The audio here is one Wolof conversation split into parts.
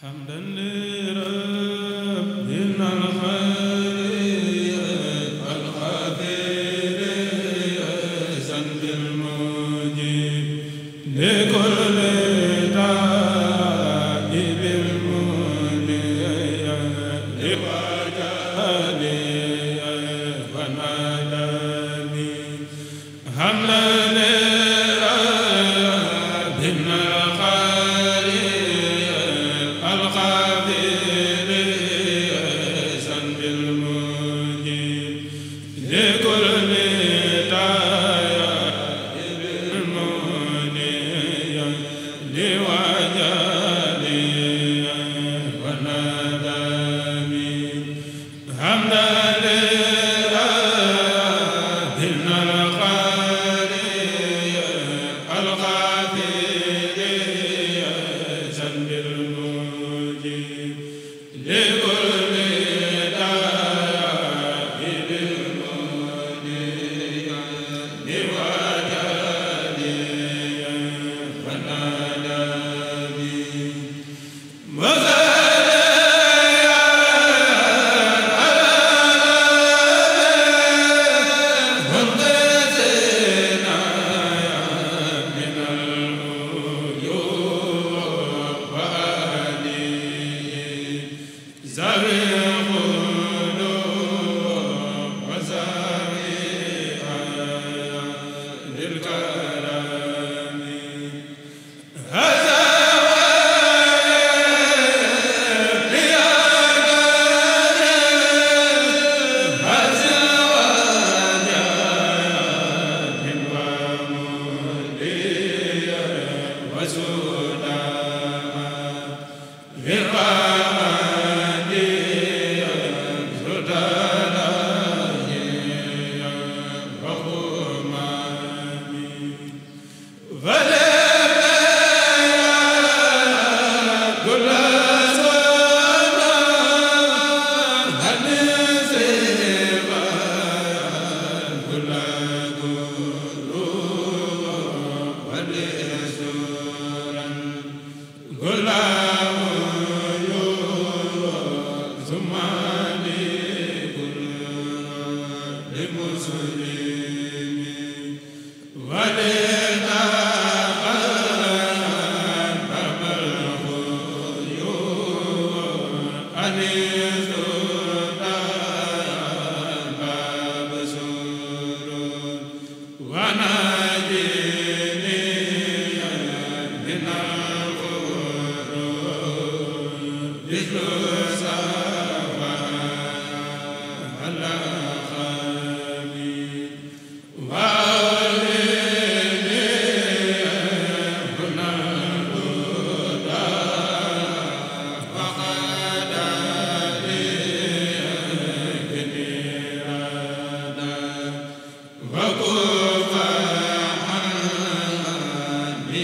hamdan li rabbil alamin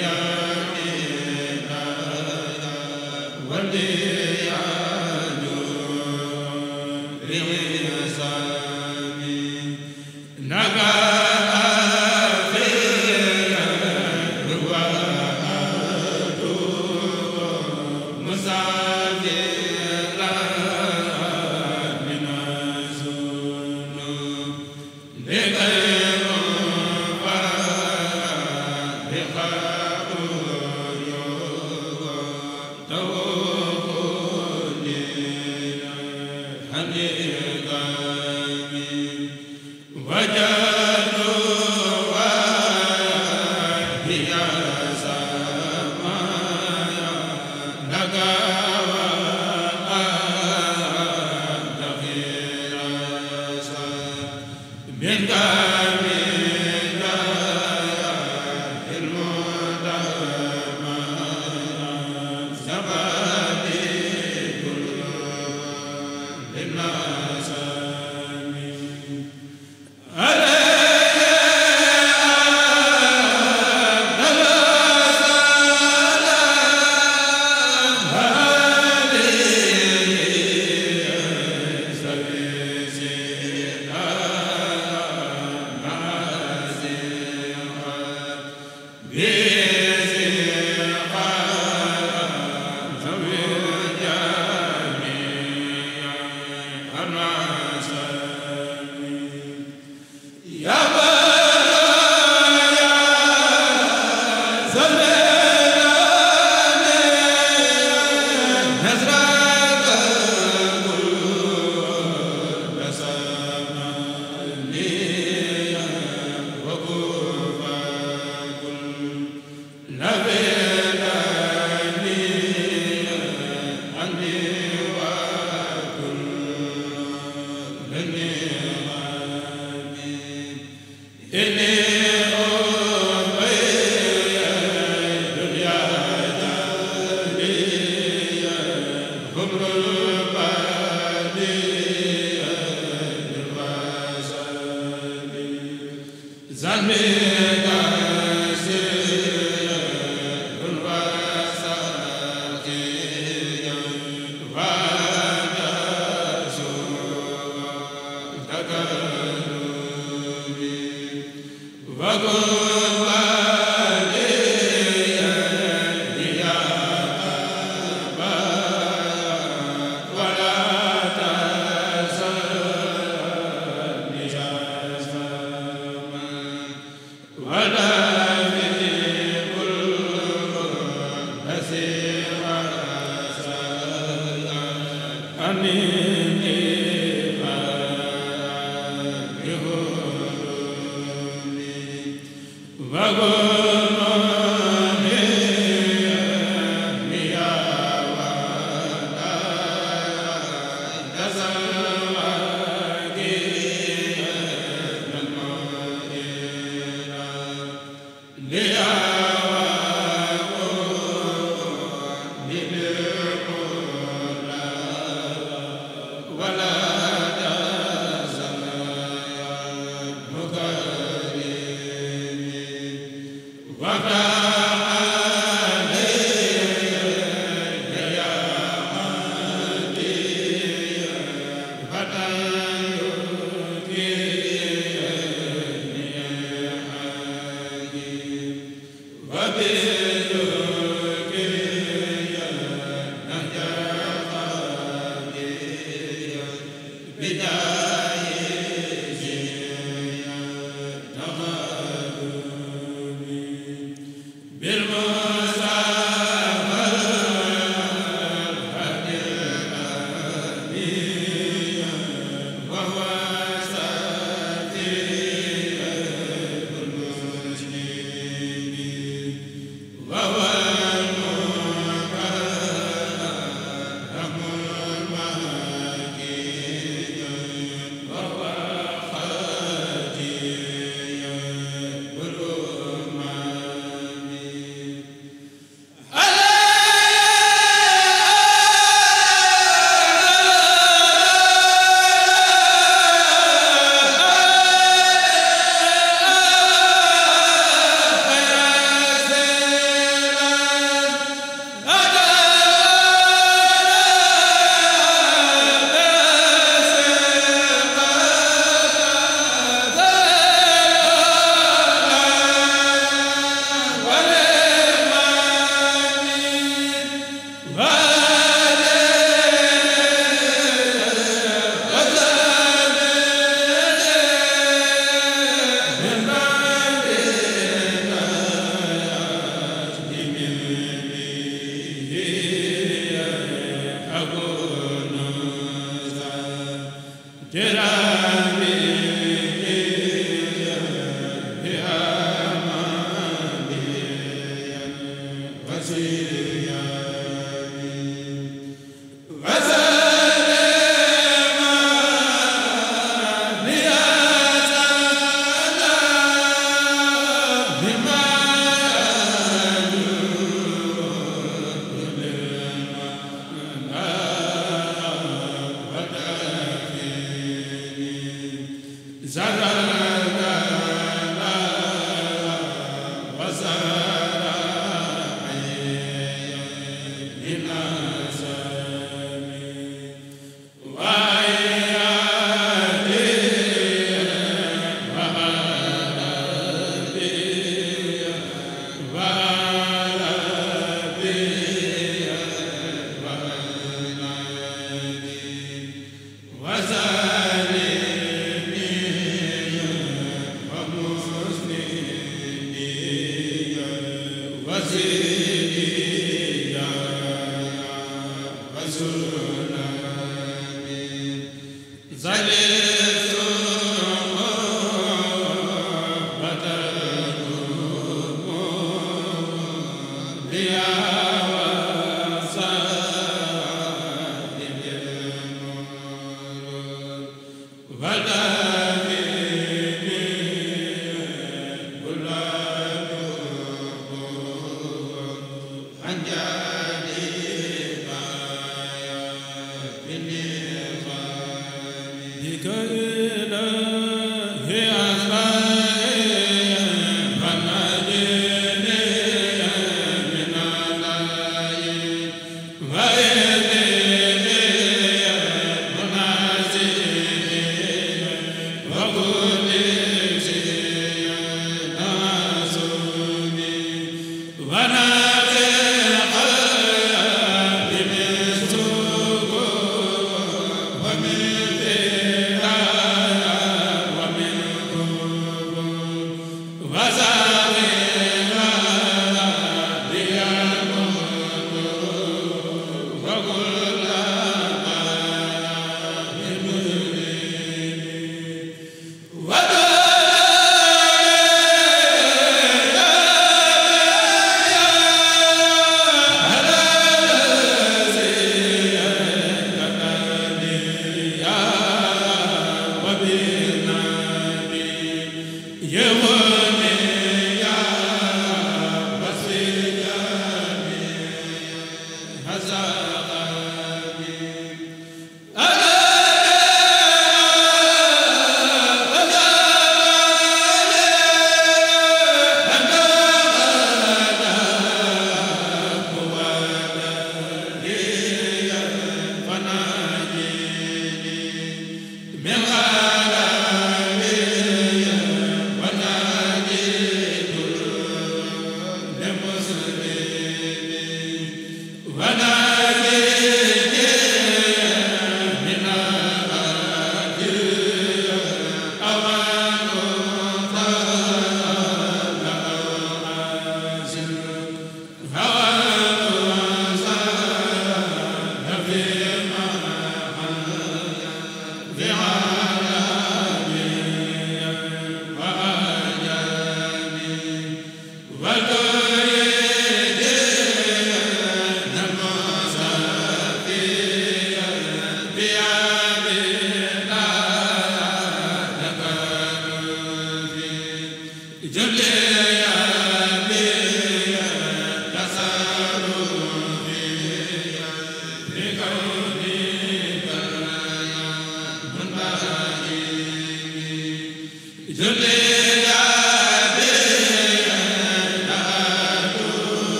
ya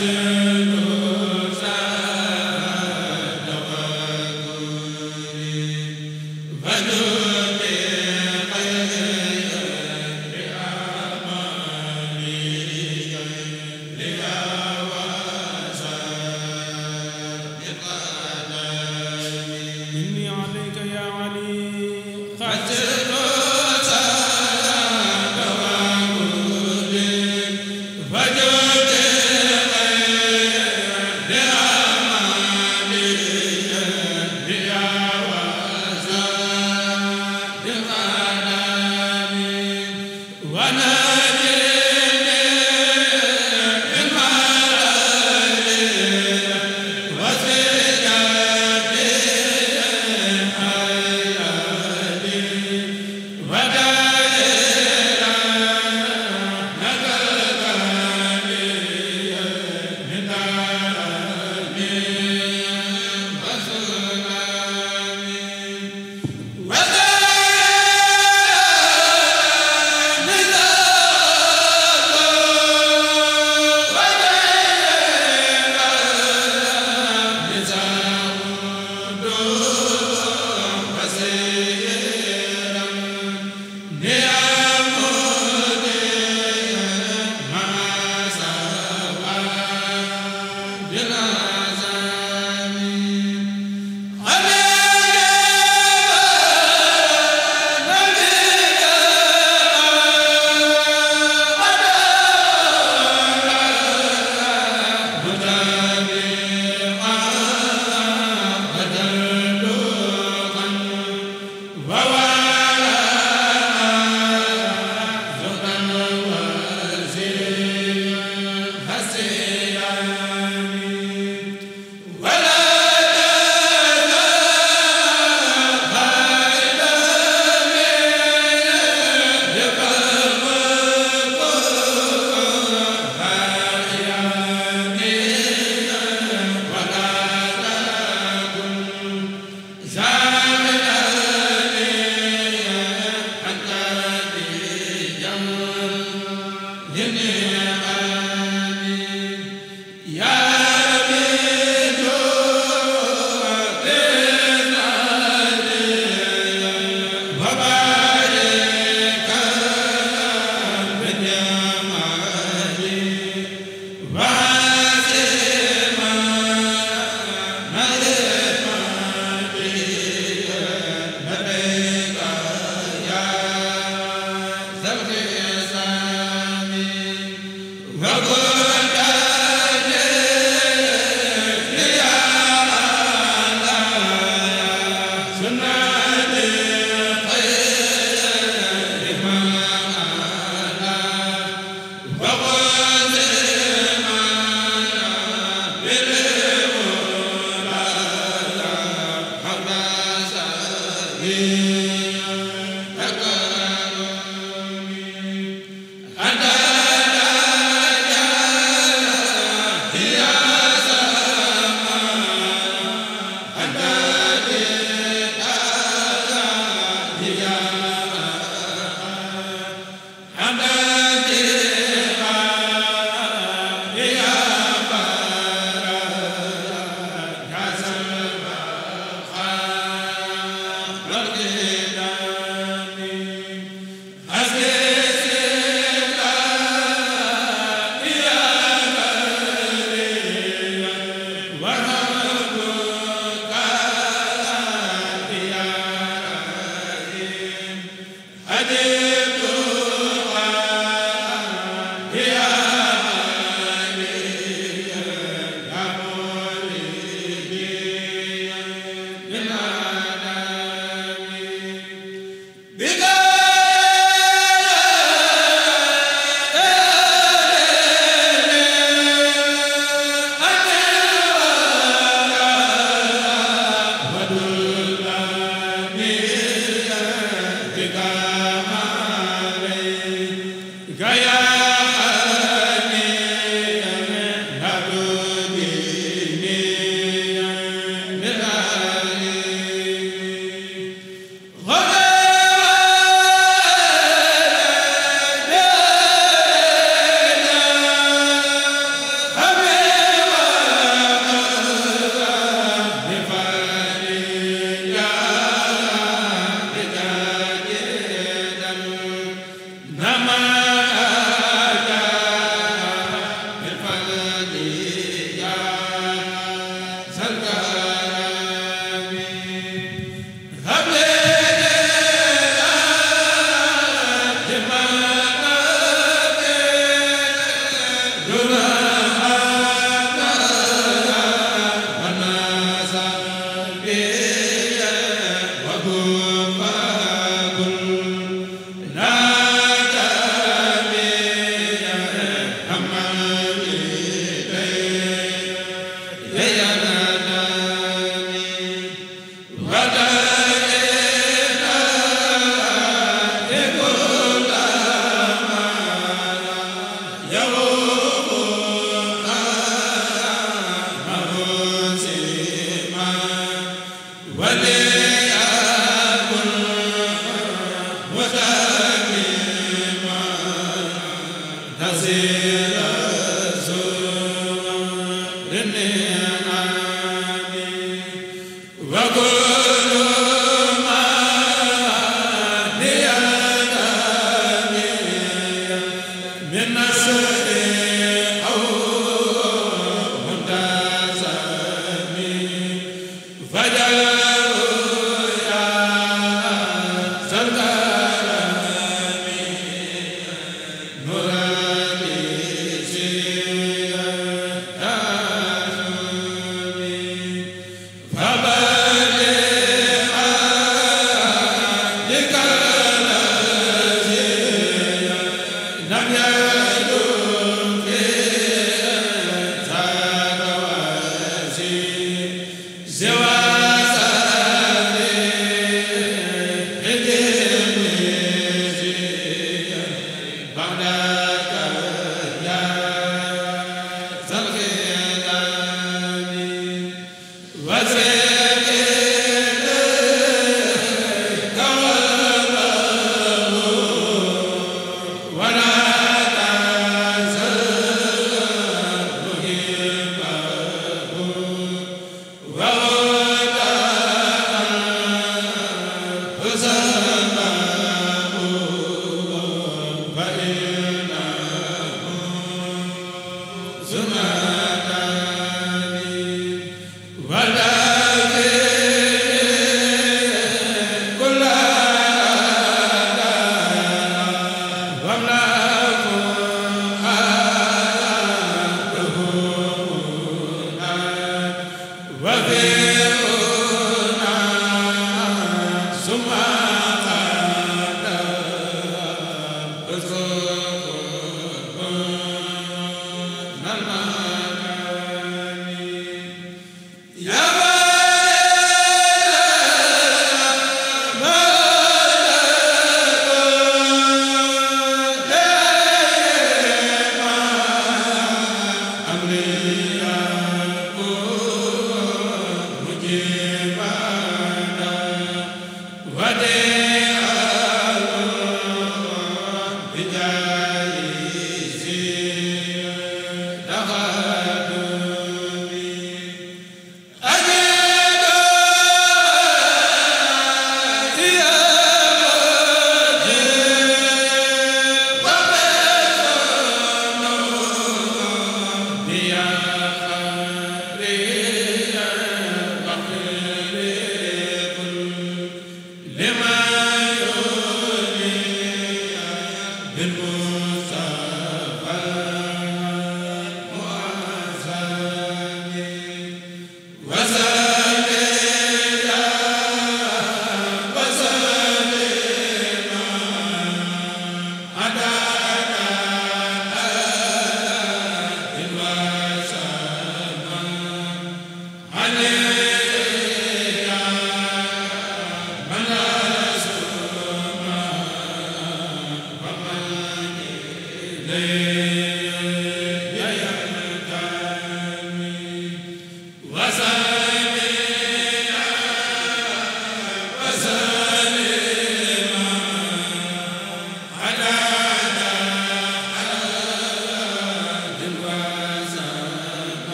Amen yi